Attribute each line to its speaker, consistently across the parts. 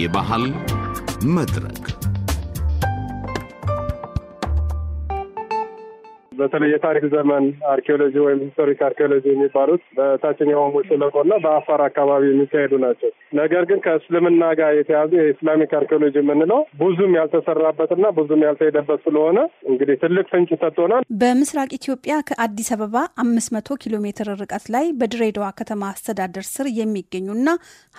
Speaker 1: የባህል መድረክ በተለይ የታሪክ ዘመን አርኪኦሎጂ ወይም ሂስቶሪክ አርኪኦሎጂ የሚባሉት በታችኛው ኦሞ ሸለቆ እና በአፋር አካባቢ የሚካሄዱ ናቸው። ነገር ግን ከእስልምና ጋር የተያዙ የኢስላሚክ አርኪኦሎጂ የምንለው ብዙም ያልተሰራበትና ብዙም ያልተሄደበት ስለሆነ እንግዲህ ትልቅ ፍንጭ ሰጥቶናል።
Speaker 2: በምስራቅ ኢትዮጵያ ከአዲስ አበባ አምስት መቶ ኪሎ ሜትር ርቀት ላይ በድሬዳዋ ከተማ አስተዳደር ስር የሚገኙና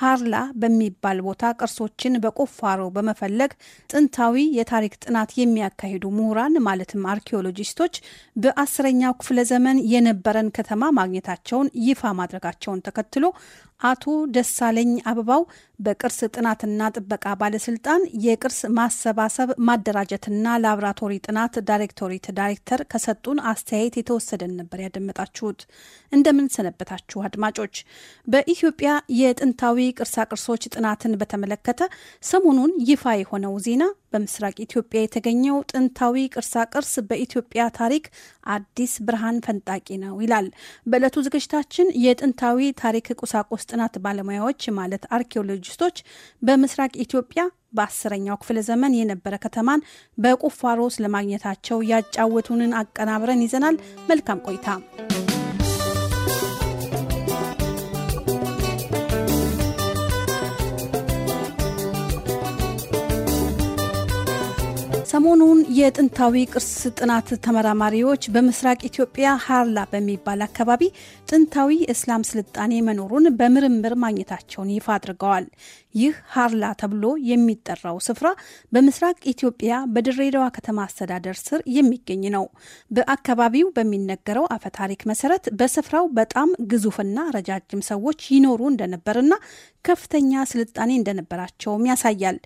Speaker 2: ሀርላ በሚባል ቦታ ቅርሶችን በቁፋሮ በመፈለግ ጥንታዊ የታሪክ ጥናት የሚያካሂዱ ምሁራን ማለትም አርኪኦሎጂስቶች በአስረኛው ክፍለ ዘመን የነበረን ከተማ ማግኘታቸውን ይፋ ማድረጋቸውን ተከትሎ አቶ ደሳለኝ አበባው በቅርስ ጥናትና ጥበቃ ባለስልጣን የቅርስ ማሰባሰብ ማደራጀትና ላብራቶሪ ጥናት ዳይሬክቶሬት ዳይሬክተር ከሰጡን አስተያየት የተወሰደን ነበር ያደመጣችሁት። እንደምን ሰነበታችሁ አድማጮች። በኢትዮጵያ የጥንታዊ ቅርሳቅርሶች ጥናትን በተመለከተ ሰሞኑን ይፋ የሆነው ዜና በምስራቅ ኢትዮጵያ የተገኘው ጥንታዊ ቅርሳቅርስ በኢትዮጵያ ታሪክ አዲስ ብርሃን ፈንጣቂ ነው ይላል። በዕለቱ ዝግጅታችን የጥንታዊ ታሪክ ቁሳቁስ የጥናት ባለሙያዎች ማለት አርኪኦሎጂስቶች በምስራቅ ኢትዮጵያ በአስረኛው ክፍለ ዘመን የነበረ ከተማን በቁፋሮ ስለማግኘታቸው ያጫወቱንን አቀናብረን ይዘናል። መልካም ቆይታ ሰሞኑን የጥንታዊ ቅርስ ጥናት ተመራማሪዎች በምስራቅ ኢትዮጵያ ሀርላ በሚባል አካባቢ ጥንታዊ እስላም ስልጣኔ መኖሩን በምርምር ማግኘታቸውን ይፋ አድርገዋል። ይህ ሀርላ ተብሎ የሚጠራው ስፍራ በምስራቅ ኢትዮጵያ በድሬዳዋ ከተማ አስተዳደር ስር የሚገኝ ነው። በአካባቢው በሚነገረው አፈ ታሪክ መሰረት በስፍራው በጣም ግዙፍና ረጃጅም ሰዎች ይኖሩ እንደነበርና ከፍተኛ ስልጣኔ እንደነበራቸውም ያሳያል።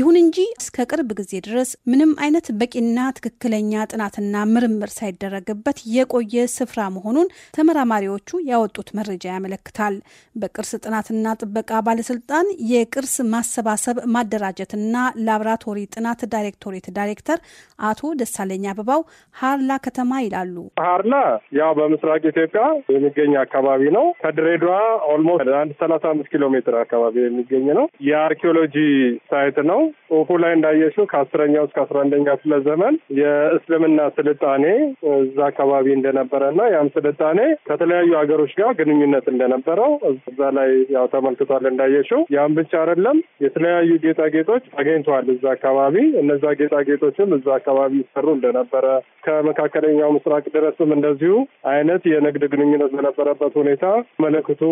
Speaker 2: ይሁን እንጂ እስከ ቅርብ ጊዜ ድረስ ምንም አይነት በቂና ትክክለኛ ጥናትና ምርምር ሳይደረግበት የቆየ ስፍራ መሆኑን ተመራማሪዎቹ ያወጡት መረጃ ያመለክታል። በቅርስ ጥናትና ጥበቃ ባለስልጣን የቅርስ ማሰባሰብ ማደራጀትና ላብራቶሪ ጥናት ዳይሬክቶሬት ዳይሬክተር አቶ ደሳለኝ አበባው ሀርላ ከተማ ይላሉ።
Speaker 1: ሀርላ ያው በምስራቅ ኢትዮጵያ የሚገኝ አካባቢ ነው። ከድሬዳዋ ኦልሞስት አንድ ሰላሳ አምስት ኪሎ ሜትር አካባቢ የሚገኝ ነው። የአርኪኦሎጂ ሳይት ነው። ጽሁፉ ላይ እንዳየሽው ከአስረኛው እስከ አስራ አንደኛ ክፍለ ዘመን የእስልምና ስልጣኔ እዛ አካባቢ እንደነበረ እና ያም ስልጣኔ ከተለያዩ ሀገሮች ጋር ግንኙነት እንደነበረው እዛ ላይ ያው ተመልክቷል እንዳየሽው። ያም ብቻ አይደለም፣ የተለያዩ ጌጣጌጦች አገኝተዋል እዛ አካባቢ። እነዛ ጌጣጌጦችም እዛ አካባቢ ይሰሩ እንደነበረ ከመካከለኛው ምስራቅ ድረስም እንደዚሁ አይነት የንግድ ግንኙነት በነበረበት ሁኔታ መለክቱ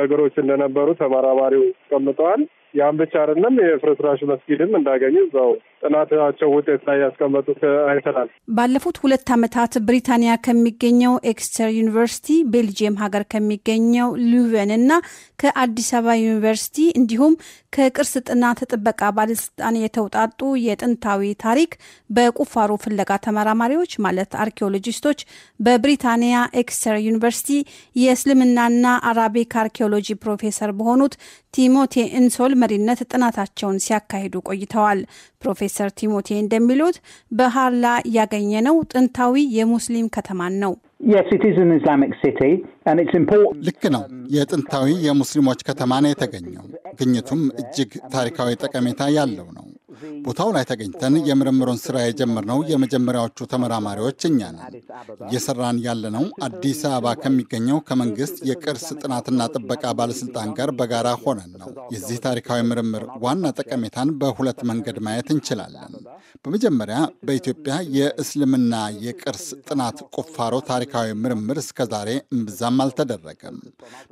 Speaker 1: ነገሮች እንደነበሩ ተመራማሪው ቀምጠዋል። ያን ብቻ አይደለም፣ የፍርስራሽ መስጊድም እንዳገኙ እዛው ጥናታቸው ውጤት ላይ ያስቀመጡ አይተናል።
Speaker 2: ባለፉት ሁለት ዓመታት ብሪታንያ ከሚገኘው ኤክስተር ዩኒቨርሲቲ፣ ቤልጅየም ሀገር ከሚገኘው ሉቨን እና ከአዲስ አበባ ዩኒቨርሲቲ እንዲሁም ከቅርስ ጥናት ጥበቃ ባለስልጣን የተውጣጡ የጥንታዊ ታሪክ በቁፋሮ ፍለጋ ተመራማሪዎች ማለት አርኪኦሎጂስቶች በብሪታንያ ኤክስተር ዩኒቨርሲቲ የእስልምናና አራቢክ አርኪኦሎጂ ፕሮፌሰር በሆኑት ቲሞቴ እንሶል መሪነት ጥናታቸውን ሲያካሂዱ ቆይተዋል። ፕሮፌሰር ቲሞቴ እንደሚሉት ያገኘ ያገኘነው ጥንታዊ የሙስሊም ከተማን ነው።
Speaker 3: ልክ ነው። የጥንታዊ የሙስሊሞች ከተማ ነው የተገኘው። ግኝቱም እጅግ ታሪካዊ ጠቀሜታ ያለው ነው። ቦታው ላይ ተገኝተን የምርምሩን ስራ የጀመርነው የመጀመሪያዎቹ ተመራማሪዎች እኛ ነን። እየሰራን ያለነው አዲስ አበባ ከሚገኘው ከመንግስት የቅርስ ጥናትና ጥበቃ ባለስልጣን ጋር በጋራ ሆነን ነው። የዚህ ታሪካዊ ምርምር ዋና ጠቀሜታን በሁለት መንገድ ማየት እንችላለን። በመጀመሪያ በኢትዮጵያ የእስልምና የቅርስ ጥናት ቁፋሮ ታሪካዊ ምርምር እስከዛሬ እምብዛም አልተደረገም።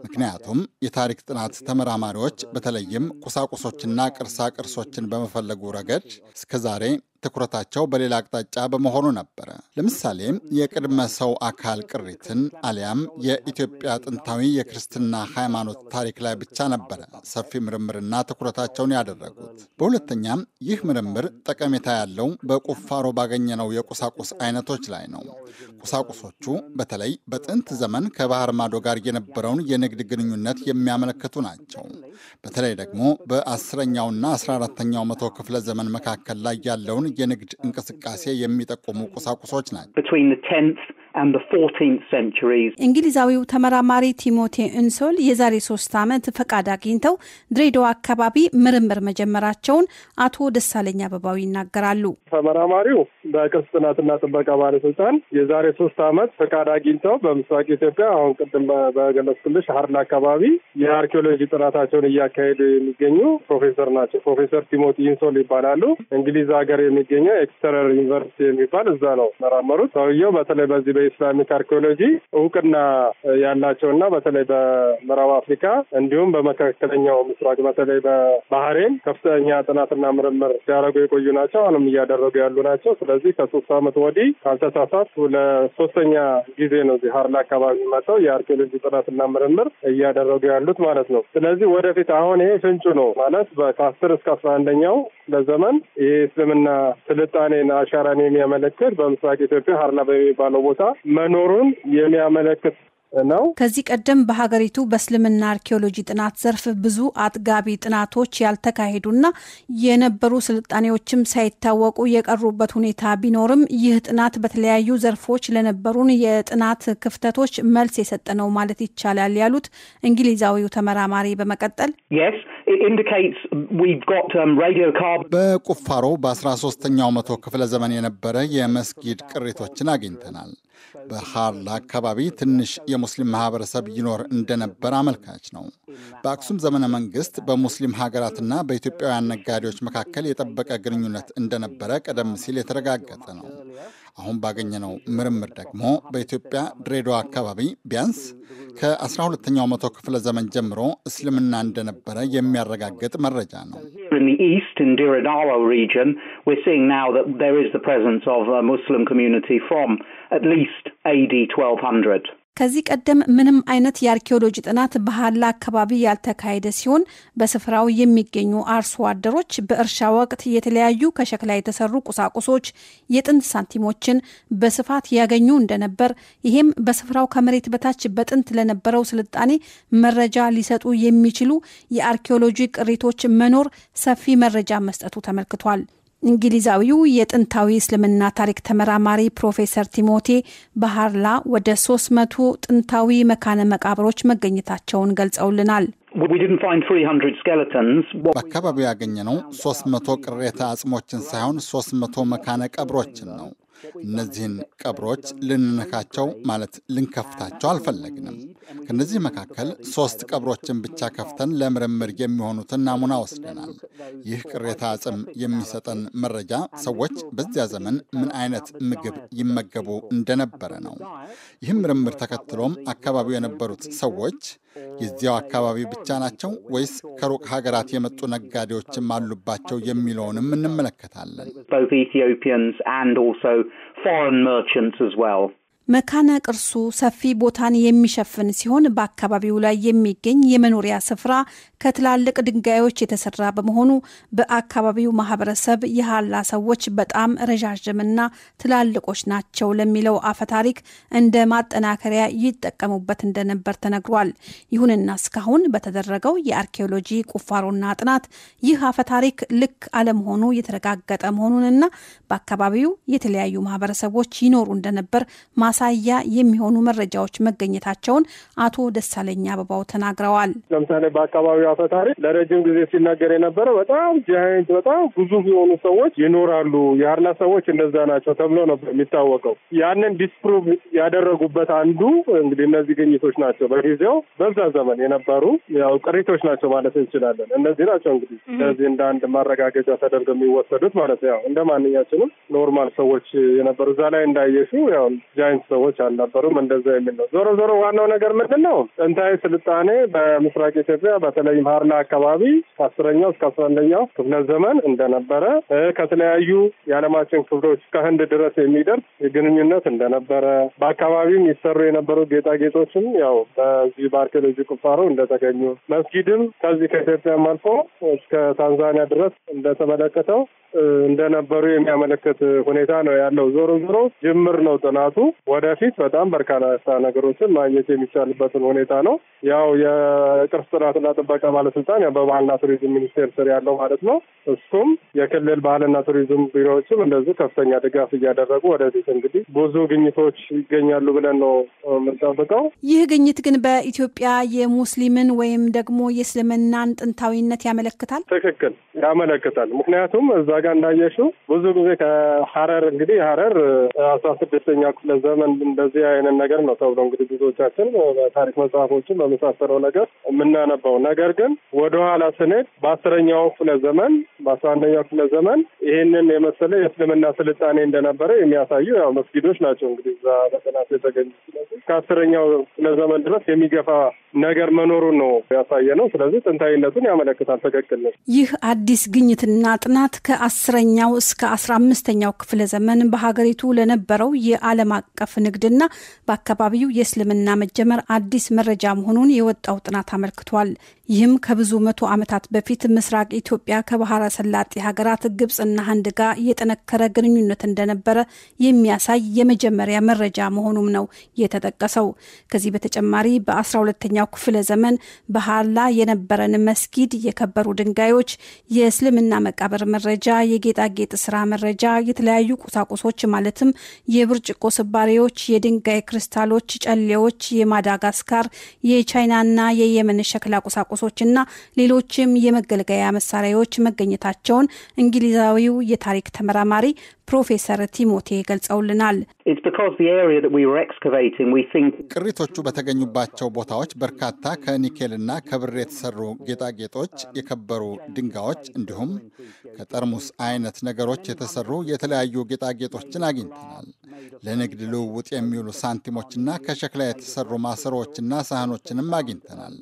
Speaker 3: ምክንያቱም የታሪክ ጥናት ተመራማሪዎች በተለይም ቁሳቁሶችና ቅርሳ ቅርሶችን በመፈለጉ ረገድ እስከዛሬ ትኩረታቸው በሌላ አቅጣጫ በመሆኑ ነበረ። ለምሳሌ የቅድመ ሰው አካል ቅሪትን አሊያም የኢትዮጵያ ጥንታዊ የክርስትና ሃይማኖት ታሪክ ላይ ብቻ ነበረ ሰፊ ምርምርና ትኩረታቸውን ያደረጉት። በሁለተኛም ይህ ምርምር ጠቀሜታ ያለው በቁፋሮ ባገኘነው የቁሳቁስ አይነቶች ላይ ነው። ቁሳቁሶቹ በተለይ በጥንት ዘመን ከባህር ማዶ ጋር የነበረውን የንግድ ግንኙነት የሚያመለክቱ ናቸው። በተለይ ደግሞ በአስረኛውና አስራ አራተኛው መቶ ክፍለ ዘመን መካከል ላይ ያለውን የንግድ እንቅስቃሴ የሚጠቁሙ ቁሳቁሶች ናቸው።
Speaker 2: እንግሊዛዊው ተመራማሪ ቲሞቴ እንሶል የዛሬ ሶስት ዓመት ፈቃድ አግኝተው ድሬዳዋ አካባቢ ምርምር መጀመራቸውን አቶ ደሳለኝ አበባው ይናገራሉ።
Speaker 1: ተመራማሪው በቅርስ ጥናትና ጥበቃ ባለስልጣን የዛሬ ሶስት ዓመት ፈቃድ አግኝተው በምስራቅ ኢትዮጵያ አሁን ቅድም በገለጽኩልሽ ሀርላ አካባቢ የአርኪኦሎጂ ጥናታቸውን እያካሄዱ የሚገኙ ፕሮፌሰር ናቸው። ፕሮፌሰር ቲሞቲ ኢንሶል ይባላሉ። እንግሊዝ ሀገር የሚገኘው ኤክስተረር ዩኒቨርሲቲ የሚባል እዛ ነው መራመሩት ሰውየው በተለይ በዚህ የኢስላሚክ አርኪኦሎጂ እውቅና ያላቸው እና በተለይ በምዕራብ አፍሪካ እንዲሁም በመካከለኛው ምስራቅ በተለይ በባህሬን ከፍተኛ ጥናትና ምርምር ሲያደረጉ የቆዩ ናቸው። አሁንም እያደረጉ ያሉ ናቸው። ስለዚህ ከሶስት ዓመት ወዲህ ካልተሳሳት ለሶስተኛ ጊዜ ነው እዚህ ሀርላ አካባቢ መጥተው የአርኪኦሎጂ ጥናትና ምርምር እያደረጉ ያሉት ማለት ነው። ስለዚህ ወደፊት አሁን ይሄ ፍንጩ ነው ማለት ከአስር እስከ አስራ አንደኛው ለዘመን እስልምና ስልጣኔን አሻራን የሚያመለክት በምስራቅ ኢትዮጵያ ሀርላ በሚባለው ቦታ መኖሩን የሚያመለክት
Speaker 2: ነው። ከዚህ ቀደም በሀገሪቱ በእስልምና አርኪኦሎጂ ጥናት ዘርፍ ብዙ አጥጋቢ ጥናቶች ያልተካሄዱና የነበሩ ስልጣኔዎችም ሳይታወቁ የቀሩበት ሁኔታ ቢኖርም ይህ ጥናት በተለያዩ ዘርፎች ለነበሩን የጥናት ክፍተቶች መልስ የሰጠ ነው ማለት ይቻላል ያሉት እንግሊዛዊው ተመራማሪ በመቀጠል
Speaker 3: um, በቁፋሮ በአስራ ሶስተኛው መቶ ክፍለ ዘመን የነበረ የመስጊድ ቅሪቶችን አግኝተናል። በሃርላ አካባቢ ትንሽ የሙስሊም ማህበረሰብ ይኖር እንደነበር አመልካች ነው። በአክሱም ዘመነ መንግስት በሙስሊም ሀገራትና በኢትዮጵያውያን ነጋዴዎች መካከል የጠበቀ ግንኙነት እንደነበረ ቀደም ሲል የተረጋገጠ ነው። አሁን ባገኘነው ምርምር ደግሞ በኢትዮጵያ ድሬዳዋ አካባቢ ቢያንስ ከ12ኛው መቶ ክፍለ ዘመን ጀምሮ እስልምና እንደነበረ የሚያረጋግጥ መረጃ ነው። in the east, in Dir region, we're seeing now that there is the presence of a Muslim community from at least AD 1200.
Speaker 2: ከዚህ ቀደም ምንም አይነት የአርኪኦሎጂ ጥናት በሀላ አካባቢ ያልተካሄደ ሲሆን በስፍራው የሚገኙ አርሶ አደሮች በእርሻ ወቅት የተለያዩ ከሸክላ የተሰሩ ቁሳቁሶች፣ የጥንት ሳንቲሞችን በስፋት ያገኙ እንደነበር ይሄም በስፍራው ከመሬት በታች በጥንት ለነበረው ስልጣኔ መረጃ ሊሰጡ የሚችሉ የአርኪኦሎጂ ቅሪቶች መኖር ሰፊ መረጃ መስጠቱ ተመልክቷል። እንግሊዛዊው የጥንታዊ እስልምና ታሪክ ተመራማሪ ፕሮፌሰር ቲሞቴ ባህርላ ወደ ሶስት መቶ ጥንታዊ መካነ መቃብሮች መገኘታቸውን ገልጸውልናል።
Speaker 3: በአካባቢው ያገኘነው ሶስት መቶ ቅሬታ አጽሞችን ሳይሆን ሶስት መቶ መካነ ቀብሮችን ነው። እነዚህን ቀብሮች ልንነካቸው ማለት ልንከፍታቸው አልፈለግንም። ከነዚህ መካከል ሶስት ቀብሮችን ብቻ ከፍተን ለምርምር የሚሆኑትን ናሙና ወስደናል። ይህ ቅሬታ አጽም የሚሰጠን መረጃ ሰዎች በዚያ ዘመን ምን አይነት ምግብ ይመገቡ እንደነበረ ነው። ይህም ምርምር ተከትሎም አካባቢው የነበሩት ሰዎች የዚያው አካባቢ ብቻ ናቸው ወይስ ከሩቅ ሀገራት የመጡ ነጋዴዎችም አሉባቸው የሚለውንም እንመለከታለን።
Speaker 2: መካነ ቅርሱ ሰፊ ቦታን የሚሸፍን ሲሆን በአካባቢው ላይ የሚገኝ የመኖሪያ ስፍራ ከትላልቅ ድንጋዮች የተሰራ በመሆኑ በአካባቢው ማህበረሰብ የሀላ ሰዎች በጣም ረዣዥምና ትላልቆች ናቸው ለሚለው አፈታሪክ እንደ ማጠናከሪያ ይጠቀሙበት እንደነበር ተነግሯል። ይሁንና እስካሁን በተደረገው የአርኪኦሎጂ ቁፋሮና ጥናት ይህ አፈታሪክ ልክ አለመሆኑ የተረጋገጠ መሆኑንና በአካባቢው የተለያዩ ማህበረሰቦች ይኖሩ እንደነበር ማሳያ የሚሆኑ መረጃዎች መገኘታቸውን አቶ ደሳለኝ አበባው ተናግረዋል።
Speaker 1: ለምሳሌ በአካባቢው አፈታሪ ለረጅም ጊዜ ሲናገር የነበረ በጣም ጃይንት በጣም ግዙፍ የሆኑ ሰዎች ይኖራሉ፣ የአርላ ሰዎች እንደዛ ናቸው ተብሎ ነበር የሚታወቀው። ያንን ዲስፕሩቭ ያደረጉበት አንዱ እንግዲህ እነዚህ ግኝቶች ናቸው። በጊዜው በዛ ዘመን የነበሩ ያው ቅሪቶች ናቸው ማለት እንችላለን። እነዚህ ናቸው እንግዲህ ስለዚህ እንደ አንድ ማረጋገጫ ተደርገው የሚወሰዱት ማለት ያው እንደ ማንኛችንም ኖርማል ሰዎች የነበሩ እዛ ላይ እንዳየሹ ያው ጃይንት ሰዎች አልነበሩም። እንደዛ የሚል ነው። ዞሮ ዞሮ ዋናው ነገር ምንድን ነው? ጥንታዊ ስልጣኔ በምስራቅ ኢትዮጵያ በተለይም ሀርላ አካባቢ ከአስረኛው እስከ አስራ አንደኛው ክፍለ ዘመን እንደነበረ ከተለያዩ የዓለማችን ክፍሎች ከህንድ ድረስ የሚደርስ ግንኙነት እንደነበረ በአካባቢም ይሰሩ የነበሩ ጌጣጌጦችም ያው በዚህ በአርኪኦሎጂ ቁፋሮ እንደተገኙ መስጊድም ከዚህ ከኢትዮጵያም አልፎ እስከ ታንዛኒያ ድረስ እንደተመለከተው እንደነበሩ የሚያመለክት ሁኔታ ነው ያለው። ዞሮ ዞሮ ጅምር ነው ጥናቱ። ወደፊት በጣም በርካታ ነገሮችን ማግኘት የሚቻልበትን ሁኔታ ነው። ያው የቅርስ ጥናትና ጥበቃ ባለስልጣን በባህልና ቱሪዝም ሚኒስቴር ስር ያለው ማለት ነው። እሱም የክልል ባህልና ቱሪዝም ቢሮዎችም እንደዚህ ከፍተኛ ድጋፍ እያደረጉ ወደፊት እንግዲህ ብዙ ግኝቶች ይገኛሉ ብለን ነው የምንጠብቀው።
Speaker 2: ይህ ግኝት ግን በኢትዮጵያ የሙስሊምን ወይም ደግሞ የእስልምናን ጥንታዊነት ያመለክታል።
Speaker 1: ትክክል ያመለክታል። ምክንያቱም እዛ ጋር እንዳየሽው ብዙ ጊዜ ከሀረር እንግዲህ ሀረር አስራ ስድስተኛ ክፍለ ዘመን እንደዚህ አይነት ነገር ነው ተብሎ እንግዲህ ብዙዎቻችን በታሪክ መጽሐፎችን በመሳሰለው ነገር የምናነባው። ነገር ግን ወደኋላ ስንሄድ በአስረኛው ክፍለ ዘመን በአስራ አንደኛው ክፍለ ዘመን ይህንን የመሰለ የእስልምና ስልጣኔ እንደነበረ የሚያሳዩ ያው መስጊዶች ናቸው እንግዲህ እዛ በጥናት የተገኙ። ስለዚህ ከአስረኛው ክፍለ ዘመን ድረስ የሚገፋ ነገር መኖሩን ነው ያሳየ ነው። ስለዚህ ጥንታዊነቱን ያመለክታል። ትክክል ነው።
Speaker 2: ይህ አዲስ ግኝትና ጥናት ከ ከአስረኛው እስከ አስራ አምስተኛው ክፍለ ዘመን በሀገሪቱ ለነበረው የዓለም አቀፍ ንግድና በአካባቢው የእስልምና መጀመር አዲስ መረጃ መሆኑን የወጣው ጥናት አመልክቷል። ይህም ከብዙ መቶ ዓመታት በፊት ምስራቅ ኢትዮጵያ ከባህረ ሰላጤ ሀገራት ግብፅና ህንድ ጋር የጠነከረ ግንኙነት እንደነበረ የሚያሳይ የመጀመሪያ መረጃ መሆኑም ነው የተጠቀሰው። ከዚህ በተጨማሪ በ12ኛው ክፍለ ዘመን በሀላ የነበረን መስጊድ፣ የከበሩ ድንጋዮች፣ የእስልምና መቃብር መረጃ የጌጣጌጥ ስራ መረጃ፣ የተለያዩ ቁሳቁሶች ማለትም የብርጭቆ ስባሪዎች፣ የድንጋይ ክሪስታሎች፣ ጨሌዎች፣ የማዳጋስካር የቻይናና የየመን ሸክላ ቁሳቁሶችና ሌሎችም የመገልገያ መሳሪያዎች መገኘታቸውን እንግሊዛዊው የታሪክ ተመራማሪ ፕሮፌሰር ቲሞቴ ገልጸውልናል።
Speaker 3: ቅሪቶቹ በተገኙባቸው ቦታዎች በርካታ ከኒኬልና ከብር የተሰሩ ጌጣጌጦች፣ የከበሩ ድንጋዮች እንዲሁም ከጠርሙስ አይነት ነገሮች የተሰሩ የተለያዩ ጌጣጌጦችን አግኝተናል። ለንግድ ልውውጥ የሚውሉ ሳንቲሞችና ከሸክላ የተሰሩ ማሰሮዎችና ሳህኖችንም አግኝተናል።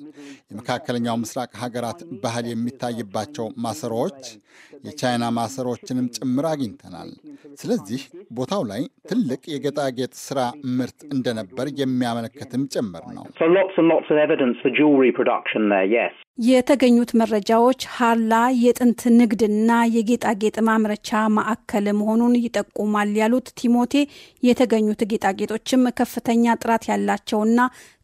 Speaker 3: የመካከለኛው ምስራቅ ሀገራት ባህል የሚታይባቸው ማሰሮዎች የቻይና ማሰሮችንም ጭምር አግኝተናል። ስለዚህ ቦታው ላይ ትልቅ የጌጣጌጥ ስራ ምርት እንደነበር የሚያመለክትም ጭምር ነው።
Speaker 2: የተገኙት መረጃዎች ሀላ የጥንት ንግድና የጌጣጌጥ ማምረቻ ማዕከል መሆኑን ይጠቁማል ያሉት ቲሞቴ የተገኙት ጌጣጌጦችም ከፍተኛ ጥራት ያላቸውና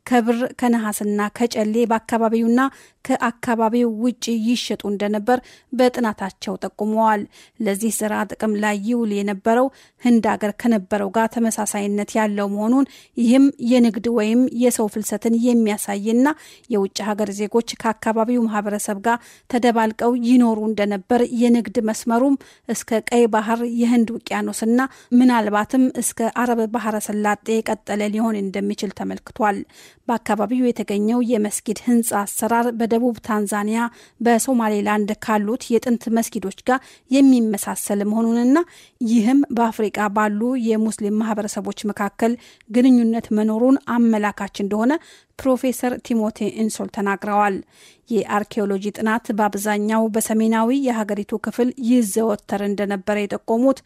Speaker 2: ከብር ከነሐስና ከጨሌ በአካባቢውና ከአካባቢው ውጭ ይሸጡ እንደነበር በጥናታቸው ጠቁመዋል። ለዚህ ስራ ጥቅም ላይ ይውል የነበረው ህንድ አገር ከነበረው ጋር ተመሳሳይነት ያለው መሆኑን ይህም የንግድ ወይም የሰው ፍልሰትን የሚያሳይና የውጭ ሀገር ዜጎች ከአካባቢው ማህበረሰብ ጋር ተደባልቀው ይኖሩ እንደነበር የንግድ መስመሩም እስከ ቀይ ባህር የህንድ ውቅያኖስና ምናልባትም እስከ አረብ ባህረ ሰላጤ የቀጠለ ሊሆን እንደሚችል ተመልክቷል። በአካባቢው የተገኘው የመስጊድ ህንፃ አሰራር በደቡብ ታንዛኒያ በሶማሌላንድ ካሉት የጥንት መስጊዶች ጋር የሚመሳሰል መሆኑንና ይህም በአፍሪቃ ባሉ የሙስሊም ማህበረሰቦች መካከል ግንኙነት መኖሩን አመላካች እንደሆነ ፕሮፌሰር ቲሞቴ ኢንሶል ተናግረዋል። የአርኪኦሎጂ ጥናት በአብዛኛው በሰሜናዊ የሀገሪቱ ክፍል ይዘወተር እንደነበረ የጠቆሙት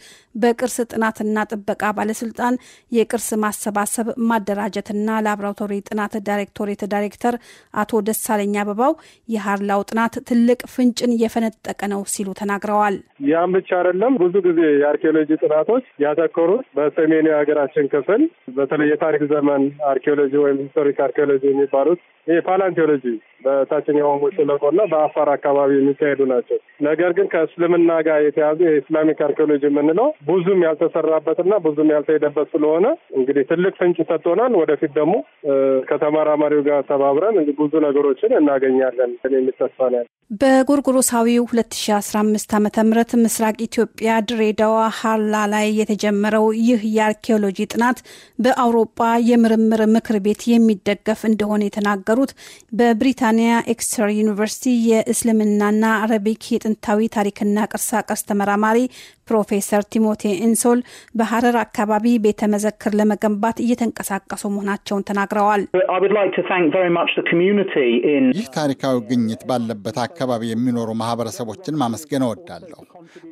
Speaker 2: በቅርስ ጥናትና ጥበቃ ባለስልጣን የቅርስ ማሰባሰብ ማደራጀትና ላብራቶሪ ጥናት ዳይሬክቶሬት ዳይሬክተር አቶ ደሳለኝ አበባው የሀርላው ጥናት ትልቅ ፍንጭን የፈነጠቀ ነው ሲሉ ተናግረዋል።
Speaker 1: ያም ብቻ አይደለም። ብዙ ጊዜ የአርኪኦሎጂ ጥናቶች ያተኮሩት በሰሜኑ የሀገራችን ክፍል በተለይ የታሪክ ዘመን አርኪኦሎጂ ወይም ሂስቶሪክ አርኪኦሎጂ የሚባሉት ፓላንቴዎሎጂ በታችኛው ኦሞ ሸለቆ እና በአፋር አካባቢ የሚካሄዱ ናቸው። ነገር ግን ከእስልምና ጋር የተያዙ የኢስላሚክ አርኪኦሎጂ የምንለው ብዙም ያልተሰራበትና ብዙም ያልተሄደበት ስለሆነ እንግዲህ ትልቅ ፍንጭ ሰጥቶናል። ወደፊት ደግሞ ከተመራማሪው ጋር ተባብረን ብዙ ነገሮችን እናገኛለን የሚል ነው
Speaker 2: በጎርጎሮሳዊው 2015 ዓ ም ምስራቅ ኢትዮጵያ ድሬዳዋ ሀላ ላይ የተጀመረው ይህ የአርኪኦሎጂ ጥናት በአውሮፓ የምርምር ምክር ቤት የሚደገፍ እንደሆነ የተናገሩት በብሪታ ብሪታንያ ኤክስተር ዩኒቨርሲቲ የእስልምናና አረቢክ የጥንታዊ ታሪክና ቅርሳቅርስ ተመራማሪ ፕሮፌሰር ቲሞቴ ኢንሶል በሀረር አካባቢ ቤተ መዘክር ለመገንባት እየተንቀሳቀሱ መሆናቸውን ተናግረዋል።
Speaker 3: ይህ ታሪካዊ ግኝት ባለበት አካባቢ የሚኖሩ ማህበረሰቦችን ማመስገን እወዳለሁ።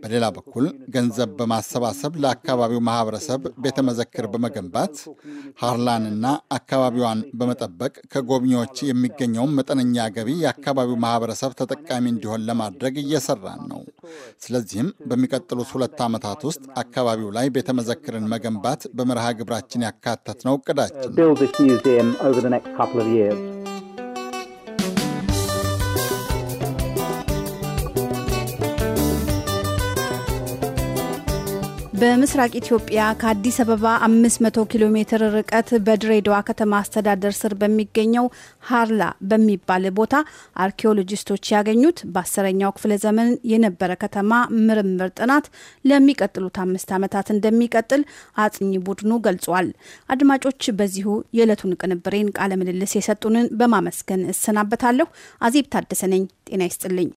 Speaker 3: በሌላ በኩል ገንዘብ በማሰባሰብ ለአካባቢው ማህበረሰብ ቤተ መዘክር በመገንባት ሃርላንና አካባቢዋን በመጠበቅ ከጎብኚዎች የሚገኘውን መጠነኛ ከፍተኛ ገቢ የአካባቢው ማህበረሰብ ተጠቃሚ እንዲሆን ለማድረግ እየሰራን ነው። ስለዚህም በሚቀጥሉት ሁለት ዓመታት ውስጥ አካባቢው ላይ ቤተመዘክርን መገንባት በመርሃ ግብራችን ያካተትነው እቅዳችን
Speaker 2: በምስራቅ ኢትዮጵያ ከአዲስ አበባ 500 ኪሎ ሜትር ርቀት በድሬዳዋ ከተማ አስተዳደር ስር በሚገኘው ሀርላ በሚባል ቦታ አርኪኦሎጂስቶች ያገኙት በአስረኛው ክፍለ ዘመን የነበረ ከተማ ምርምር ጥናት ለሚቀጥሉት አምስት ዓመታት እንደሚቀጥል አጥኚ ቡድኑ ገልጿል። አድማጮች፣ በዚሁ የዕለቱን ቅንብሬን ቃለ ምልልስ የሰጡንን በማመስገን እሰናበታለሁ። አዜብ ታደሰ ነኝ። ጤና ይስጥልኝ።